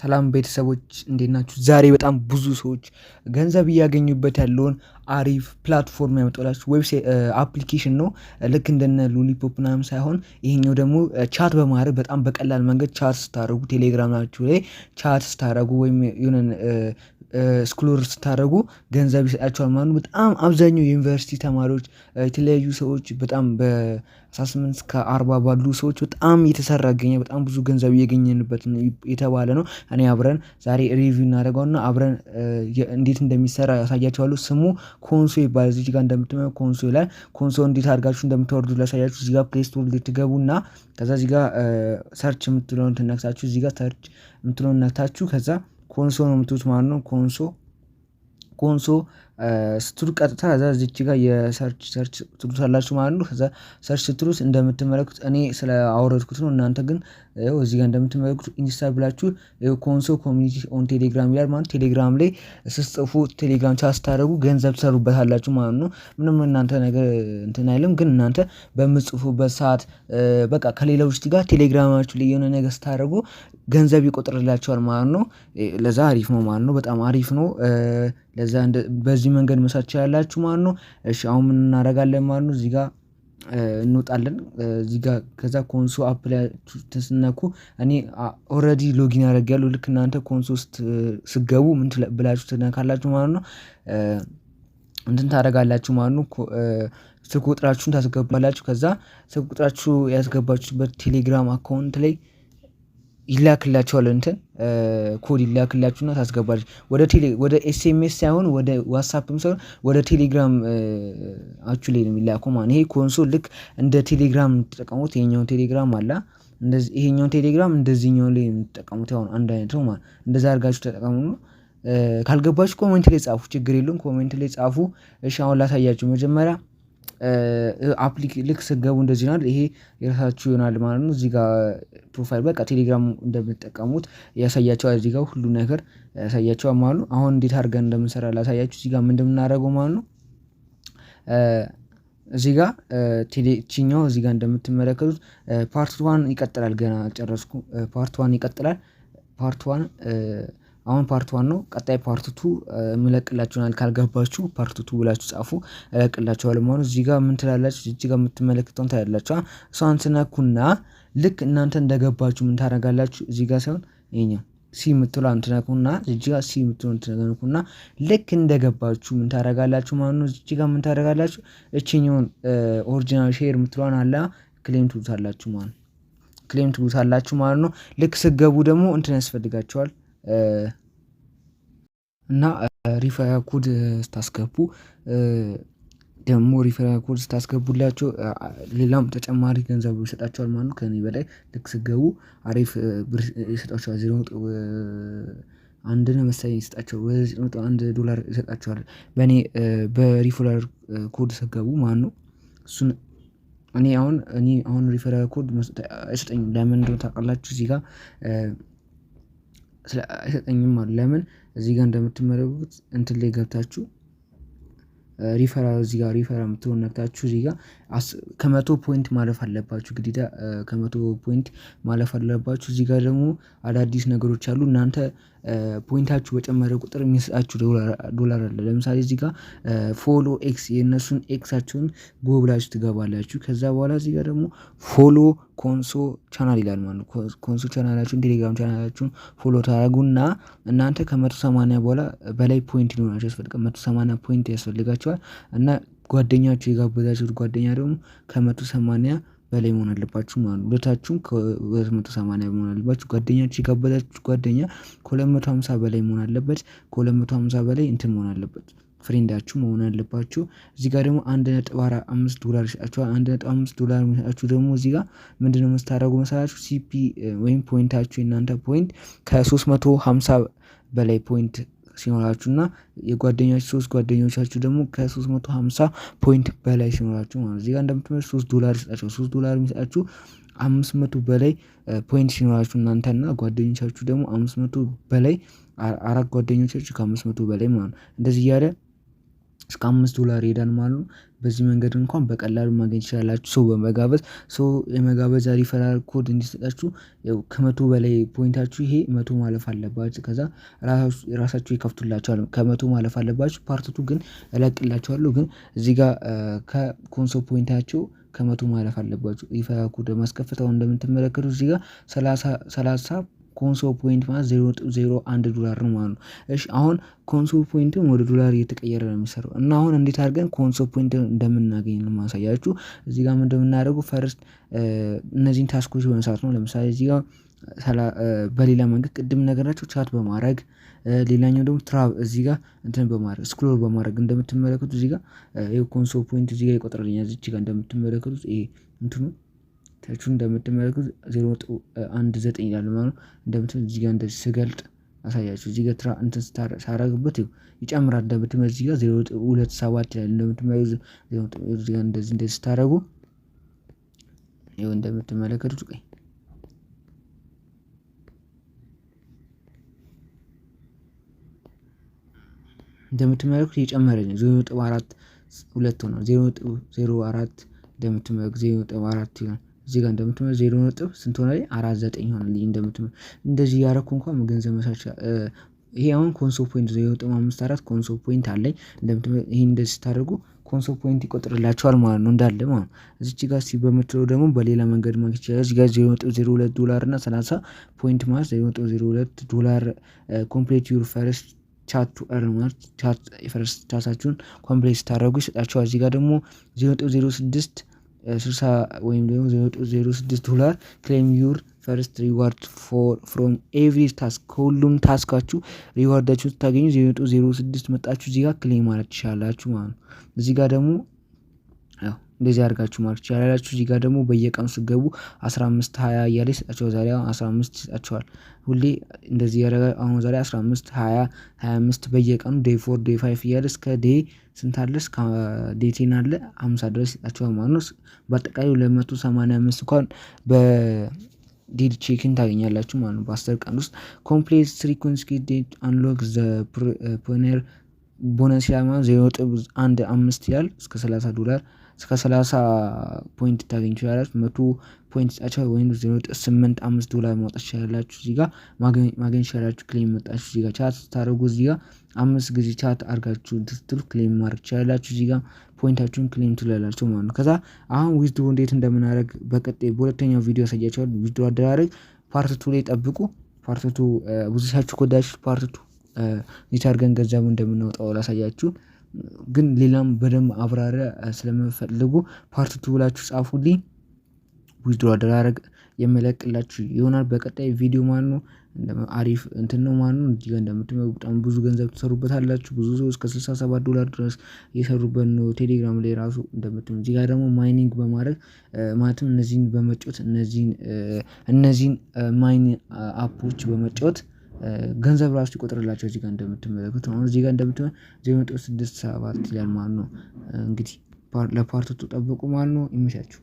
ሰላም ቤተሰቦች እንዴት ናችሁ? ዛሬ በጣም ብዙ ሰዎች ገንዘብ እያገኙበት ያለውን አሪፍ ፕላትፎርም ያመጣላችሁ ዌብሳይት አፕሊኬሽን ነው። ልክ እንደነ ሎሊፖፕ ምናምን ሳይሆን ይሄኛው ደግሞ ቻት በማድረግ በጣም በቀላል መንገድ ቻት ስታደረጉ ቴሌግራም ናችሁ ላይ ቻት ስታደረጉ ወይም የሆነ ስክሎር ስታደረጉ ገንዘብ ይሰጣቸዋል ማለት ነው። በጣም አብዛኛው የዩኒቨርሲቲ ተማሪዎች የተለያዩ ሰዎች በጣም በ18 እስከ 40 ባሉ ሰዎች በጣም እየተሰራ ይገኛል። በጣም ብዙ ገንዘብ እየገኘንበት የተባለ ነው። እኔ አብረን ዛሬ ሪቪው እናደርገውና አብረን እንዴት እንደሚሰራ ያሳያቸዋሉ። ስሙ ኮንሶ ይባላል። እዚህ ጋር እንደምትመ ኮንሶ ላይ ኮንሶ እንዴት አድርጋችሁ እንደምታወርዱ ላሳያችሁ። እዚህ ጋር ፕሌስቶር ልትገቡ እና ከዛ እዚህ ጋር ሰርች የምትለውን ትነክሳችሁ እዚህ ጋር ሰርች የምትለውን ነክታችሁ ከዛ ኮንሶ ነው የምትሉት ማለት ነው። ኮንሶ ኮንሶ ስትሉ ቀጥታ ከዛ እዚች ጋር የሰርች ሰርች ትሉት ማለት ነው። ከዛ ሰርች ስትሉት እንደምትመለክቱት እኔ ስለ አወረድኩት ነው። እናንተ ግን ይኸው እዚህ ጋር እንደምትመለክቱት ኢንስታ ብላችሁ ኮንሶ ኮሚኒቲ ኦን ቴሌግራም ይላል ማለት ቴሌግራም ላይ ስትጽፉ ቴሌግራም ሳስታደረጉ ገንዘብ ትሰሩበታላችሁ ማለት ነው። ምንም እናንተ ነገር እንትን አይልም። ግን እናንተ በምጽፉበት ሰዓት በቃ ከሌላ ውስጥ ጋር ቴሌግራማችሁ ላይ የሆነ ነገር ስታደረጉ ገንዘብ ይቆጥርላቸዋል ማለት ነው። ለዛ አሪፍ ነው ማለት ነው። በጣም አሪፍ ነው። ለዛ በዚህ በዚህ መንገድ መሳት ያላችሁ ማለት ነው። እሺ አሁን ምን እናደርጋለን ማለት ነው እዚህ ጋር እንወጣለን እዚህ ጋር ከዛ ኮንሶ አፕ ላይ ተስነኩ። እኔ ኦልሬዲ ሎጊን አደርጊያለሁ። ልክ እናንተ ኮንሶ ስገቡ ምን ብላችሁ ትነካላችሁ ማለት ነው እንትን ታደርጋላችሁ ማለት ነው። ስልክ ቁጥራችሁን ታስገባላችሁ። ከዛ ስልክ ቁጥራችሁ ያስገባችሁበት ቴሌግራም አካውንት ላይ ይላክላቸዋል እንትን ኮድ ይላክላችሁና ታስገባለች ወደ ኤስኤምኤስ ሳይሆን ወደ ዋትሳፕም ሳይሆን ወደ ቴሌግራም አቹ ላይ ነው የሚላከው። ማለት ይሄ ኮንሶል ልክ እንደ ቴሌግራም የምትጠቀሙት ይሄኛውን ቴሌግራም አላ ይሄኛውን ቴሌግራም እንደዚህኛው ላይ የምትጠቀሙት ያሁን አንድ አይነት ነው ማለት እንደዛ አድርጋችሁ ተጠቀሙ። ነው። ካልገባችሁ ኮሜንት ላይ ጻፉ፣ ችግር የለውም ኮሜንት ላይ ጻፉ። እሺ አሁን ላሳያችሁ መጀመሪያ ልክ ስገቡ እንደዚህ ናል ይሄ የራሳችሁ ይሆናል ማለት ነው። እዚህ ፕሮፋይል በቃ ቴሌግራም እንደምትጠቀሙት ያሳያቸዋል። እዚህ ሁሉ ነገር ያሳያቸዋል ማለት ነው። አሁን እንዴት አድርገን እንደምንሰራ ላሳያችሁ። እዚህ ጋር እንደምናደርገው ማለት ነው። እዚጋ ቴሌችኛው እዚጋ እንደምትመለከቱት ፓርት ዋን ይቀጥላል። ገና ጨረስኩ። ፓርት ዋን ይቀጥላል። ፓርት ዋን አሁን ፓርት ዋን ነው። ቀጣይ ፓርት ቱ ምለቅላችሁናል። ካልገባችሁ ፓርት ቱ ብላችሁ ጻፉ፣ እለቅላችኋለሁ ማለት እዚህ ጋር ምን ትላላችሁ? እዚህ ጋር የምትመለከተውን ታያላችሁ። እሷን ትነኩና ልክ እናንተ እንደገባችሁ ምን ታደርጋላችሁ? እዚህ ጋር ሳይሆን ይሄኛው ሲ የምትሉ አንትነኩና እዚህ ጋር ሲ የምትሉ አንትነኩና ልክ እንደገባችሁ ምን ታደርጋላችሁ ማለት ነው። እዚህ ጋር ምን ታደርጋላችሁ? እችኛውን ኦሪጂናል ሼር የምትሏን አለ ክሌም ትሉታላችሁ ማለት ነው። ክሌም ትሉታላችሁ ማለት ነው። ልክ ስገቡ ደግሞ እንትን ያስፈልጋቸዋል እና ሪፈራ ኮድ ስታስገቡ ደግሞ ሪፈራ ኮድ ስታስገቡላቸው ሌላም ተጨማሪ ገንዘብ ይሰጣቸዋል ማለት ነው። ከኔ በላይ ልክ ስገቡ አሪፍ ብር ይሰጣቸዋል። ዜሮ ነጥብ አንድ ነው መሰለኝ ይሰጣቸው፣ ወደ ዜሮ ነጥብ አንድ ዶላር ይሰጣቸዋል በእኔ በሪፈራል ኮድ ስገቡ ማለት ነው። እሱን እኔ አሁን እኔ አሁን ሪፈራል ኮድ አይሰጠኝም። ለምን እንደሆነ ታውቃላችሁ እዚህ ጋር አይሰጠኝም አሉ። ለምን እዚህ ጋር እንደምትመረጉት እንትን ላይ ገብታችሁ ሪፈራ እዚህ ጋር ሪፈራ የምትሆን ነግታችሁ እዚህ ጋር ከመቶ ፖይንት ማለፍ አለባችሁ። ግዴታ ከመቶ ፖይንት ማለፍ አለባችሁ። እዚህ ጋር ደግሞ አዳዲስ ነገሮች አሉ እናንተ ፖይንታችሁ በጨመረ ቁጥር የሚሰጣችሁ ዶላር አለ። ለምሳሌ እዚህ ጋር ፎሎ ኤክስ የእነሱን ኤክሳችሁን ጎ ብላችሁ ትገባላችሁ። ከዛ በኋላ እዚህ ጋር ደግሞ ፎሎ ኮንሶ ቻናል ይላል ማለት ነው። ኮንሶ ቻናላችሁን ቴሌግራም ቻናላችሁን ፎሎ ታደረጉና እናንተ ከመቶ ሰማንያ በኋላ በላይ ፖይንት ሊሆናቸው ያስፈልጋል። መቶ ሰማንያ ፖይንት ያስፈልጋቸዋል እና ጓደኛችሁ የጋበዛችሁት ጓደኛ ደግሞ ከመቶ ሰማንያ በላይ መሆን አለባችሁ ማለት ነው። ሁለታችሁም ከሁለት መቶ ሰማንያ መሆን አለባችሁ። ጓደኛችሁ የጋበዛችሁ ጓደኛ ከሁለት መቶ ሀምሳ በላይ መሆን አለበት። ከሁለት መቶ ሀምሳ በላይ እንትን መሆን አለበት። ፍሬንዳችሁ መሆን አለባችሁ። እዚህ ጋር ደግሞ አንድ ነጥብ አምስት ዶላር ይሰጣችኋል። አንድ ነጥብ አምስት ዶላር የሚሰጣችሁ ደግሞ እዚህ ጋር ምንድነው የምታደርጉ መሰላችሁ? ሲፒ ወይም ፖይንታችሁ የእናንተ ፖይንት ከሶስት መቶ ሀምሳ በላይ ፖይንት ሲኖራችሁ እና የጓደኛችሁ ሶስት ጓደኞቻችሁ ደግሞ ከ350 ፖይንት በላይ ሲኖራችሁ ማለት እዚህ ጋር እንደምትመ ሶስት ዶላር ይሰጣቸው ሶስት ዶላር የሚሰጣችሁ አምስት መቶ በላይ ፖይንት ሲኖራችሁ እናንተና ጓደኞቻችሁ ደግሞ አምስት መቶ በላይ አራት ጓደኞቻችሁ ከአምስት መቶ በላይ ማለት ነው። እንደዚህ እያለ እስከ አምስት ዶላር ይሄዳል ማለት ነው። በዚህ መንገድ እንኳን በቀላሉ ማግኘት ይችላላችሁ ሰው በመጋበዝ ሰው የመጋበዝ ሪፈራል ኮድ እንዲሰጣችሁ ከመቶ በላይ ፖይንታችሁ ይሄ መቶ ማለፍ አለባችሁ። ከዛ ራሳችሁ ይከፍቱላችኋል። ከመቶ ማለፍ አለባችሁ። ፓርትቱ ግን እለቅላችኋለሁ። ግን እዚህ ጋር ከኮንሶ ፖይንታቸው ከመቶ ማለፍ አለባችሁ። ሪፈራል ኮድ ማስከፈት አሁን እንደምትመለከቱ እዚህ ጋር ሰላሳ ኮንሶ ፖይንት ማለት ዜሮ ነጥብ ዜሮ አንድ ዶላር ነው ማለት ነው። እሺ አሁን ኮንሶ ፖይንትን ወደ ዶላር እየተቀየረ ነው የሚሰራው እና አሁን እንዴት አድርገን ኮንሶ ፖይንት እንደምናገኝ ነው ማሳያችሁ። እዚህ ጋር እንደምናደርገው ፈርስት እነዚህን ታስኮች በመስራት ነው። ለምሳሌ እዚህ ጋር በሌላ መንገድ ቅድም ነገራቸው ቻት በማድረግ ሌላኛው ደግሞ ትራብ እዚህ ጋር እንትን በማድረግ ስክሮል በማድረግ እንደምትመለከቱ እዚህ ጋር ኮንሶ ፖይንት እዚህ ጋር ይቆጥረልኛል። እዚች ጋር እንደምትመለከቱት ይሄ እንትኑ ተቹ እንደምትመለከቱ 0.19 ይላል ማለት ነው። እንደምትል እዚህ ጋር እንደዚህ ስገልጥ አሳያችሁ። እዚህ ጋር ትራ እንትን ሳረግበት ይጨምራል። እንደምትመለከቱ እዚህ ጋር 0.27 ይላል። እንደምትመለከቱ እዚህ ጋር እንደዚህ እንደዚህ ስታረጉ ይኸው እንደምትመለከቱት ቀይ እንደምትመለከቱት የጨመረኝ 0.4 ሁለት ሆኗል። 0.04 እንደምትመለከቱ 0.4 ይሆናል። እዚህ ጋር እንደምትመ ዜሮ ነጥብ ስንት ሆነ አራት ዘጠኝ ይሆናል። እንደምትመ እንደዚህ ያረኩ እንኳን ገንዘብ መሳች ይሄ አሁን ኮንሶ ፖይንት ዜሮ ነጥብ አምስት አራት ኮንሶ ፖይንት አለኝ። እንደምትመ ይሄ እንደዚህ ስታደርጉ ኮንሶ ፖይንት ይቆጥርላቸዋል ማለት ነው እንዳለ ማለት ነው። እዚች ጋር ሲ በምትለው ደግሞ በሌላ መንገድ ማግኘት ይችላል። እዚህ ጋር ዜሮ ነጥብ ዜሮ ሁለት ዶላር እና ሰላሳ ፖይንት ማለት ዜሮ ነጥብ ዜሮ ሁለት ዶላር ኮምፕሌት ዩር ፈርስት ቻቱ ኧርን ማለት ቻት የፈርስት ቻታችሁን ኮምፕሌት ስታደርጉ ይሰጣቸዋል። እዚህ ጋር ደግሞ ዜሮ ነጥብ ዜሮ ስድስት 60 ወይም ደግሞ 06 ዶላር ክሌም ዩር ፈርስት ሪዋርድ ፍሮም ኤቭሪ ታስክ ከሁሉም ታስካችሁ ሪዋርዳችሁ ስታገኙ 06 መጣችሁ እዚህ ጋር ክሌም ማለት ትችላላችሁ ማለት ነው። እዚህ ጋር ደግሞ እንደዚህ አድርጋችሁ ማለት ይችላላችሁ። እዚህ ጋር ደግሞ በየቀኑ ስገቡ 15 20 እያለ ይሰጣቸው። ዛሬ አሁን 15 ይሰጣቸዋል። ሁሌ እንደዚህ ያደረገ አሁን ዛሬ 15 20 25 በየቀኑ ዴይ ፎር ዴይ ፋይቭ እያለ እስከ ዴይ ስንት አለ እስከ ዴይ ቴን አለ 50 ድረስ ይሰጣቸዋል ማለት ነው። በአጠቃላይ 285 እንኳን በ ዲድ ቼክን ታገኛላችሁ ማለት ነው። በአስር ቀን ውስጥ ኮምፕሌት ስሪ ኮንስኪውቲቭ አንሎክ ዘ ፕሮኔር ቦነስ ይላል ማለት ዜሮ ነጥብ አንድ አምስት ይላል እስከ 30 ዶላር እስከ 30 ፖይንት ታገኝ ትችላላችሁ። መቶ ፖይንት ጫቻ ወይም ዜሮ ስምንት አምስት ዶላር ማውጣት ትችላላችሁ። እዚህ ጋ ማገኝ ትችላላችሁ። ክሌም መጣችሁ እዚህ ጋር ቻት ስታደርጉ እዚህ ጋ አምስት ጊዜ ቻት አድርጋችሁ ትትሉ ክሌም ማድረግ ትችላላችሁ። እዚህ ጋ ፖይንታችሁን ክሌም ትላላችሁ ማለት ነው። ከዛ አሁን ዊዝድሮ እንዴት እንደምናደርግ በቀጤ በሁለተኛው ቪዲዮ ያሳያቸዋል። ዊዝድሮ አደራረግ ፓርት ቱ ላይ ጠብቁ። ፓርትቱ ብዙ ሳችሁ ኮዳችሁ ፓርት ቱ ኔታርገን ገንዘቡ እንደምናወጣው ላሳያችሁ። ግን ሌላም በደንብ አብራሪያ ስለምፈልጉ ፓርት ቱ ብላችሁ ጻፉልኝ። ዊዝድሮ አደራረግ የመለቅላችሁ ይሆናል በቀጣይ ቪዲዮ ማለት ነው። አሪፍ እንትን ነው ማለት ነው። እዚህ ጋር እንደምትመው በጣም ብዙ ገንዘብ ትሰሩበት አላችሁ። ብዙ ሰው እስከ 67 ዶላር ድረስ እየሰሩበት ነው። ቴሌግራም ላይ ራሱ እንደምትመው እዚህ ጋር ደግሞ ማይኒንግ በማድረግ ማለትም እነዚህን በመጫወት እነዚህን ማይን አፖች በመጫወት ገንዘብ ራሱ ይቆጥርላቸው እዚጋ እንደምትመለከቱ ነው። እዚጋ ጋር እንደምትሆን ዜሮ ነጥብ ስድስት ሰባት ይላል ማለት ነው። እንግዲህ ለፓርቱ ተጠብቁ ማለት ነው። ይመሻችሁ።